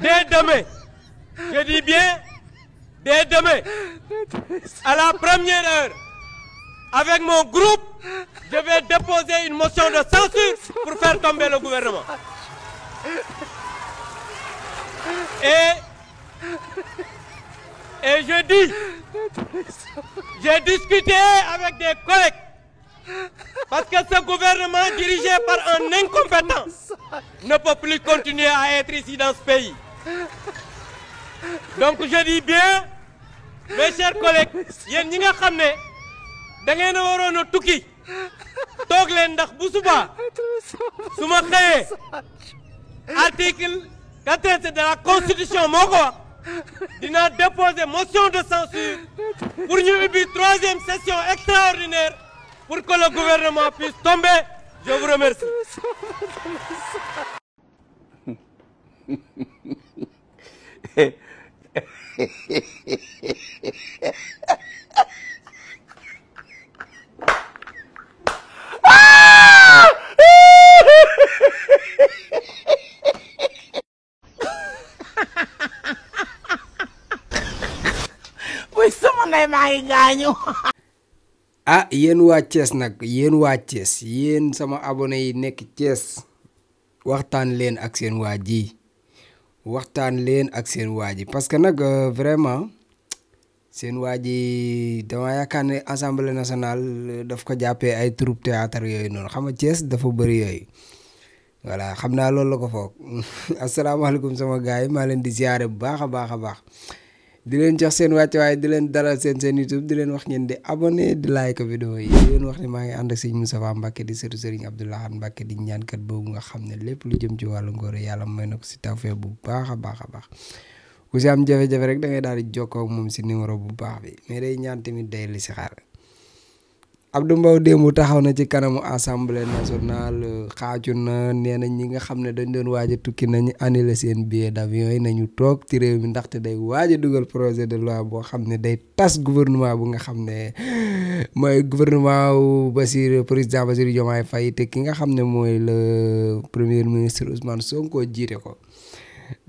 dès demain, je dis bien, dès demain, à la première heure, avec mon groupe, je vais déposer une motion de censure pour faire tomber le gouvernement. Et, et je dis, j'ai discuté avec des collègues, parce que ce gouvernement dirigé par un incompétent ne peut plus continuer à être ici dans ce pays donc je dis bien mes chers collègues Vous ñi nga Je ndax article de la constitution moko Il motion de censure pour ñu troisième session extraordinaire pour que le gouvernement puisse tomber je vous remercie A, yen wache se, yen wache se, yen seman aboneye nek che se, wak tan len ak sen wache se. waxtaan leen ak seen waa ji parce que nag euh, vraiment seen waa ji dama yaakaar ne assemblée nationale euh, daf ko jàppee ay troupe théâtre yooyu noonu xam nga Thiès dafa bëri yooyu voilà xam naa loolu la ko foog asalaamaaleykum sama gars yi maa leen di ziare bu baax a baax a baax. di leen jox seen wàcce waaye di leen dalal seen seen YouTube di leen wax ngeen di abonné di like vidéo yi di leen wax ni maa ngi ànd ak sëñ Moustapha Mbacke di sëtu Serigne Abdoul Ahad Mbacke di ñaankat boobu nga xam ne lépp lu jëm ci wàllu ngóor yàlla mooy na ko si tawfeex bu baax a baax a baax ku si am jafe-jafe rek da daal di jokkoo ak moom si numéro bu baax bi mais day ñaan tamit day li si xaar ab Abdou Mbow démb taxaw na ci kanamu assemblée nationale xaaju na nee na ñi nga xam ne dañ doon waaja tukki nañu annulé seen billet d'avion yi nañu toog ci réew mi ndaxte day waaj dugal projet de loi boo xam ne day tas gouvernement bu nga xam ne mooy gouvernement wu Bassirou président Bassirou Diomaye Faye te ki nga xam ne mooy le premier ministre Ousmane Sonko jiite ko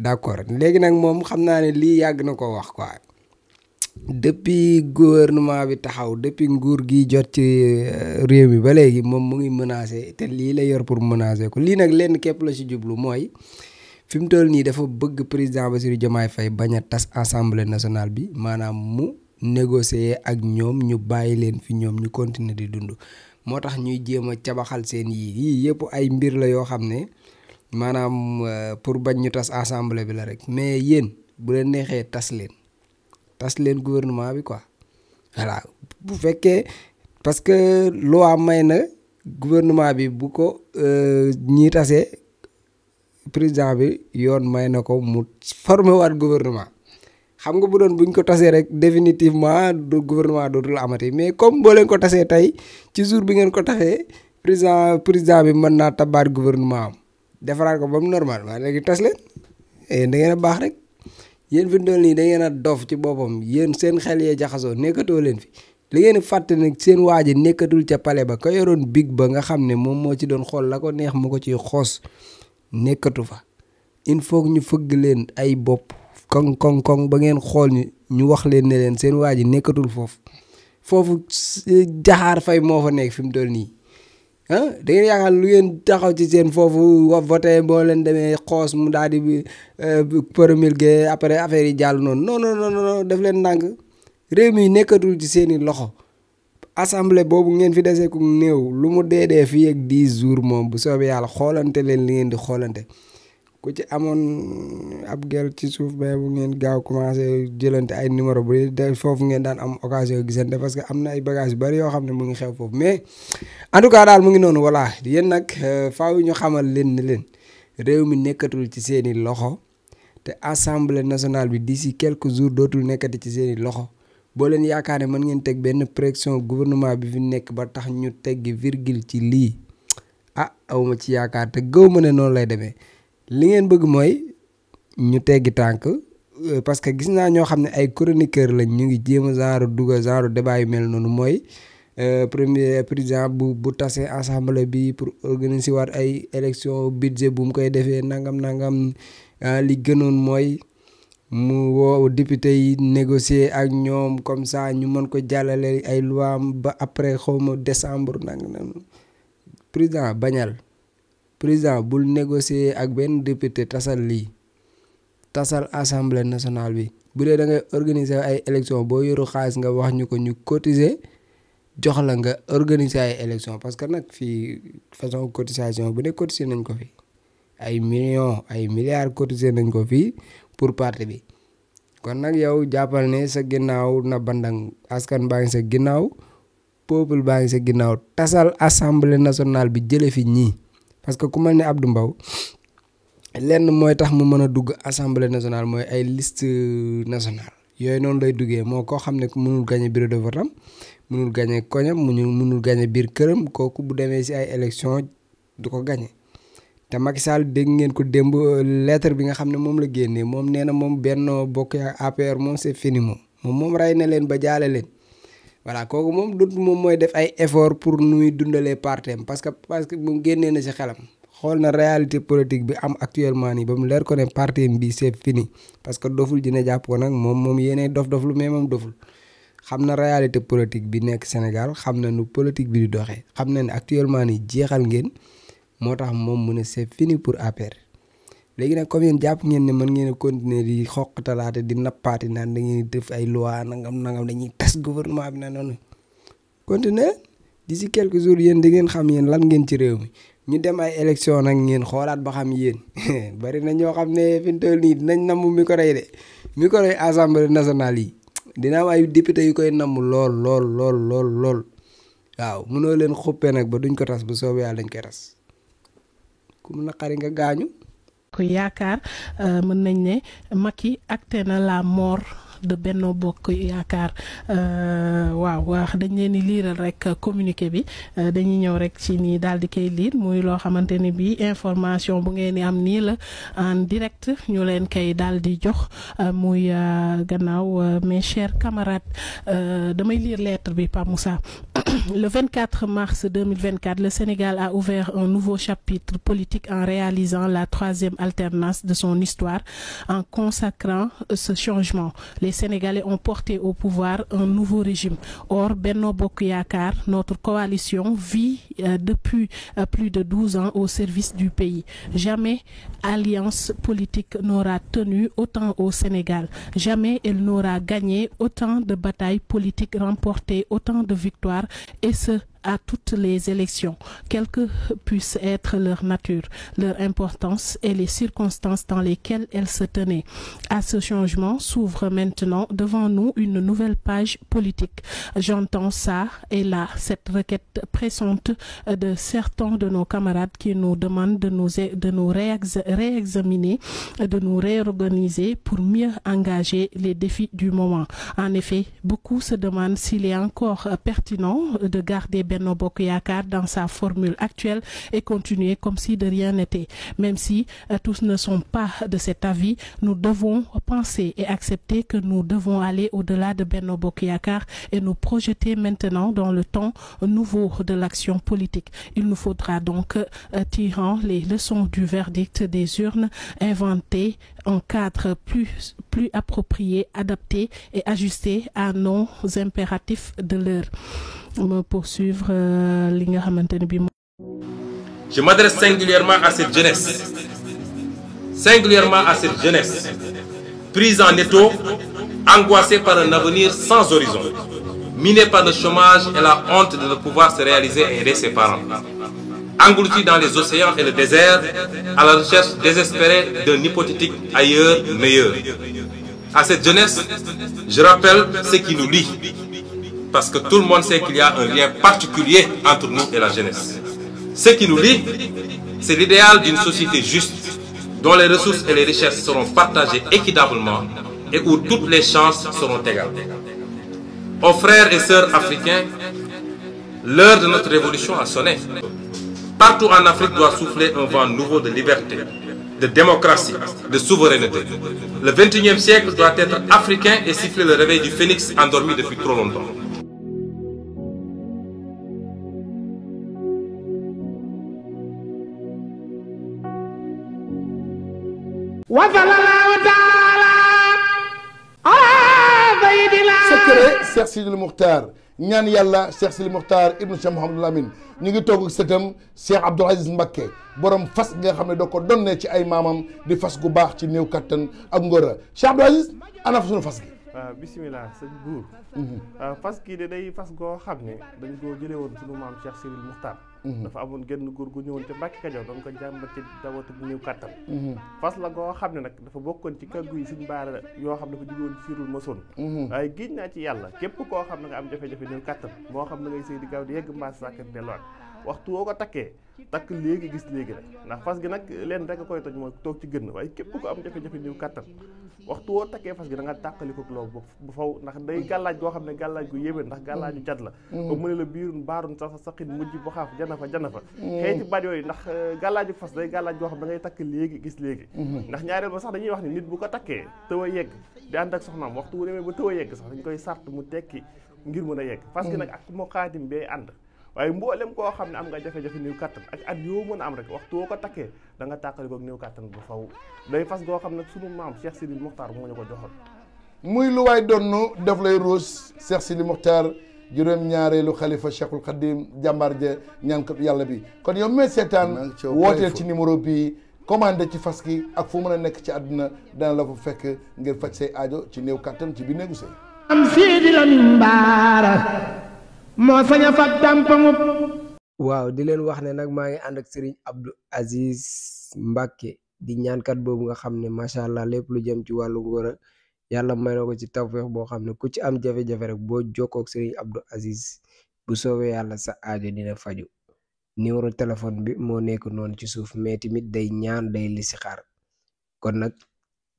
d'accord léegi nag moom xam naa ne lii yàgg na ko wax quoi. depuis gouvernement bi taxaw depuis nguur gi jot ci euh, réew mi ba léegi moom mu ngi menacé te lii la yor pour menacé ko lii nag lenn képp la ci jublu mooy fi mu toll nii dafa bëgg président Bassirou Diomaye Faye bañ a tas assemblée nationale bi maanaam mu négocier ak ñoom ñu bàyyi leen fi ñoom ñu continuer di dund moo tax ñuy jéem a cabaxal seen yii yii yëpp ay mbir la yoo xam ne maanaam euh, pour bañ ñu tas assemblée bi la rek mais yéen bu leen neexee tas leen. tas leen gouvernement bi quoi voilà bu fekkee parce que loi may na gouvernement bi bu ko euh, ñii tasee président bi yoon may na ko mu former waat xam nga bu doon buñ ko tasee rek définitivement du gouvernement dootul amati mais comme boo leen ko tasee tey ci jour bi ngeen ko tasee président président bi mën naa tabaat gouvernement am defaraat ko ba mu normal waaye léegi tas leen eh, da ngeen a baax rek. yéen fi doon nii da ngeen a dof ci boppam yéen seen xel yee jaxasoo nekkatoo leen fi li ngeen di fàtte seen waa nekkatul ca pale ba ka yoroon big ba nga xam ne moom moo ci doon xool la ko neex mu ko ciy xoos nekkatu fa il faut ñu fëgg leen ay bopp koŋ koŋ koŋ ba ngeen xool ñu ñu wax leen ne leen seen waa ji nekkatul foofu foofu eh, jaxaar fay moo fa nekk fi mu toll nii ah da ngeen lu ngeen taxaw ci seen foofu wa voté boo leen demee xoos mu daal di euh, promulgué après affaire yi jàll noonu non non non daf leen ndànk réew mi nekkatul ci seen i loxo assemblée boobu ngeen fi desee deseeku néew lu mu dee dee fi ak 10 jours moom bu soobee yàlla xoolante leen li ngeen di xoolante. ku ci amoon ab gel ci suuf ba bu ngeen gaaw commencé jëlante ay numéro bu dee foofu ngeen daan am occasion gisante parce que am na ay bagages yu bari yoo xam ne mu ngi xew foofu mais en daal mu ngi noonu voilà yéen nag euh, faaw ñu xamal leen ne leen réew mi nekkatul ci seeni loxo te assemblée nationale bi di si quelque jours dootul nekkati ci seeni loxo boo leen yaakaar ne mën ngeen teg benn pression gouvernement bi fi nekk ba tax ñu teggi virgule ci lii ah awma ci yaakaar te gëw ma ne noonu lay demee. li ngeen bëgg mooy ñu teggi tànk euh, parce que gis naa ñoo xam ne ay chroniqueur lañ ñu ngi jéem a genre dugal genre débat yu mel noonu mooy euh, premier président bu bu tase assemblée bi pour organiser waat ay élection budget bu mu koy defee nangam nangam euh, li gënoon mooy mu wow député yi négocier ak ñoom comme ça ñu mën ko jàllale ay loi ba après xawma décembre nang na bañal président bul négocier ak benn député tasal lii tasal assemblée nationale bi bu dee da ngay organiser ay élection boo yoru xaalis nga wax ñu ko ñu cotiser jox la nga organiser ay élection parce que nag fii façon cotisation bu ne cotiser nañ ko fi ay millions ay milliards cotiser nañ ko fii pour parti bi kon nag yow jàppal ne sa ginnaaw na bandang askan baa ngi sa ginnaaw peuple baa ngi sa ginnaaw tasal assemblée nationale bi jële fi ñii parce que ku mel ne Abdou Mbow lenn mooy tax mu mën a dugg assemblée nationale mooy ay liste nationale yooyu noonu lay duggee moo koo xam ne mënul gañe bureau de vote am mënul gagné koñam muñu munul gañe biir këram kooku bu demee si ay élection du ko gagné te Macky Sall dégg ngeen ko démb euh, lettre bi nga xam ne moom la génnee moom nee na moom Benno Bokk APR moom c'est fini moom moom moom rey na leen ba jaale leen voilà kooku moom dut moom mooy def ay effort pour nuy dundalee partem parce que parce que mu génnee na si xelam xool na réalité politique bi am actuellement nii ba mu leer ko ne partem bi c'est fini parce que doful dina jàpp ko nag moom moom yéenay dof dof lu mais moom doful xam na réalité politique bi nekk Sénégal xam na nu politique bi di doxee xam na ne actuellement nii jeexal ngeen moo tax moom mu ne c'est fini pour APR léegi nag comme yéen jàpp ngeen ne mën ngeen a continuer di xoq talaate di nappaati naan da def ay loi nangam nangam dañuy tas gouvernement bi na noonu di si quelque jour yéen di ngeen xam yéen lan ngeen ci réew mi ñu dem ay élection nag ngeen xoolaat ba xam yéen bari na ñoo xam ne fi mu nii dinañ nam micro yi de micro yi assemblée nationale yi dina am ay député yu koy namm lool lool lool lool lool waaw mënoo leen xuppee nag ba duñ ko tas bu soobee dañ koy tas ku nga gaañu. ko yaakaar euh, mën nañ ne Macky acte na la moor de Benno Bokk euh waaw wax dañ leen di liiral rek communiqué bi euh, dañuy ñew rek ci ni dal di muy information bu ngeen am la en direct ñu leen kay dal di jox euh, muy euh, gannaaw mes chers camarades damay lire lettre bi Pa Moussa le 24 mars 2024 le Sénégal a ouvert un nouveau chapitre politique en réalisant la troisième alternance de son histoire en consacrant ce changement les Sénégalais ont porté au pouvoir un nouveau régime. Or, Benno Bokuyakar, notre coalition, vit euh, depuis euh, plus de 12 ans au service du pays. Jamais alliance politique n'aura tenu autant au Sénégal. Jamais elle n'aura gagné autant de batailles politiques remporté autant de victoires, et ce, à toutes les élections, quelle que puisse être leur nature, leur importance et les circonstances dans lesquelles elles se tenaient. À ce changement s'ouvre maintenant devant nous une nouvelle page politique. J'entends ça et là, cette requête pressante de certains de nos camarades qui nous demandent de nous, de nous réexaminer, de nous réorganiser pour mieux engager les défis du moment. En effet, beaucoup se demandent s'il est encore pertinent de garder Benno Bokuyakar dans sa formule actuelle et continuer comme si de rien n'était. Même si euh, tous ne sont pas de cet avis, nous devons penser et accepter que nous devons aller au-delà de Benno Bokuyakar et nous projeter maintenant dans le temps nouveau de l'action politique. Il nous faudra donc, euh, tirant les leçons du verdict des urnes, inventer un cadre plus, plus approprié, adapté et ajusté à nos impératifs de l'heure poursuivre euh, je m'adresse singulièrement à cette jeunesse singulièrement à cette jeunesse prise en étau angoissée par un avenir sans horizon minée par le chômage et la honte de ne pouvoir se réaliser et aider ses parents engloutie dans les océans et le désert à la recherche désespérée d'un hypothétique ailleurs meilleur à cette jeunesse je rappelle ce qui nous lie parce que tout le monde sait qu'il y a un lien particulier entre nous et la jeunesse. Ce qui nous lie, c'est l'idéal d'une société juste, dont les ressources et les richesses seront partagées équitablement et où toutes les chances seront égales. Aux frères et sœurs africains, l'heure de notre révolution a sonné. Partout en Afrique doit souffler un vent nouveau de liberté, de démocratie, de souveraineté. Le 21e siècle doit être africain et siffler le réveil du phénix endormi depuis trop longtemps. wasalaamu taala ala sayyidina secret Cheikh Sidil Mukhtar ñaan yàlla Cheikh Sidil Mukhtar ibnu Cheikh Mouhamadul Amin ñu ngi toog ak sëtam Cheikh Abdoul Aziz Mbacké borom fas nga xam ne da ko donnee ci ay maamam di fas gu baax ci néew kattan ak ngóor a Cheikh Abdoul sunu fas gi waaw ah, bisimilah sëñ buur mhm. ah, fas gi de day fas goo xam ne dañu koo jëlee woon ci sunu maam Cheikh Sidil Mukhtar Mm-hmm. dafa amoon genn góor gu ñëwoon ca Mbàkke Kajoor doon ko jàmbat ci dawatu bu néew kàttan mm-hmm. fas la goo xam ne nag dafa bokkoon ci kàggu yi suñ baara yoo xam ne dafa jugoon siirul masoon mm-hmm. waaye giñ naa ci yàlla képp koo xam ne nga am jafe-jafe néew kàttan moo xam ne ngay sëy di gaaw di yegg mbaas sàkkat delluwaat waxtu woo ko takkee takk léegi gis léegi rek ndax fas gi nag leen rek a koy toj mooy toog ci gën waaye képp ko am jafe-jafe niw kàttan waxtu woo takkee fas gi da nga tàqaliko loolu bu faw ndax day gàllaaj goo xam ne gàllaaj gu yéeme ndax gàllaaju jat mm. la ba mm. mu ne la biirun baarun sa sa saqin mujj bu xaaf jana fa jana fa mm. xëy ci baat yooyu ndax euh, gàllaaju fas day gàllaaj goo xam da ngay takk léegi gis léegi mm-hmm. ndax ñaareel ba sax dañuy wax ni nit bu ko takkee tëw a yegg di ànd ak soxnaam waxtu wu demee ba tëw a yegg sax dañ koy sart mu tekki ngir mën a yegg fas gi nag ak moo xaatim ànd waaye mboolem koo xam ne am nga jafe-jafe néew kattan ak at yoo mën a am rek waxtu woo ko takkee da nga tàqalikoog néew kattan bu faw day fas goo xam ne sunu maam Cheikh Sidi Mokhtar moo ñu ko joxoon muy lu waay donnu daf lay ruus Cheikh Sidi Mokhtar juróom ñaareelu xalifa Cheikhul Khadim jàmbaar ja ñaankat yàlla bi kon yow mee seetaan wooteel ci numéro bi commandé ci fas gi ak foo mën a nekk ci àdduna dana la fa fekk ngir faj say ajo ci néew kattan ci biir néegu sëy am Sidi Lamine Bara moo sañ a fag dàmpaŋub waaw di leen wax ne nag maa ngi ànd ak Serigne Abdou Aziz Mbacke di ñaankat boobu nga xam ne macha allah lépp lu jëm ci wàllu ngóor yàlla may ko ci tawféex boo xam ne ku ci am jafe-jafe rek boo jokkook ak Serigne Abdou bu soowee yàlla sa aajo dina faju numéro téléphone bi moo nekk noonu ci suuf mais tamit day ñaan day xar kon nag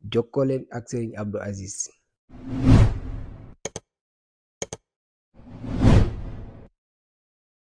jokkoo ak Serigne Abdou Aziz.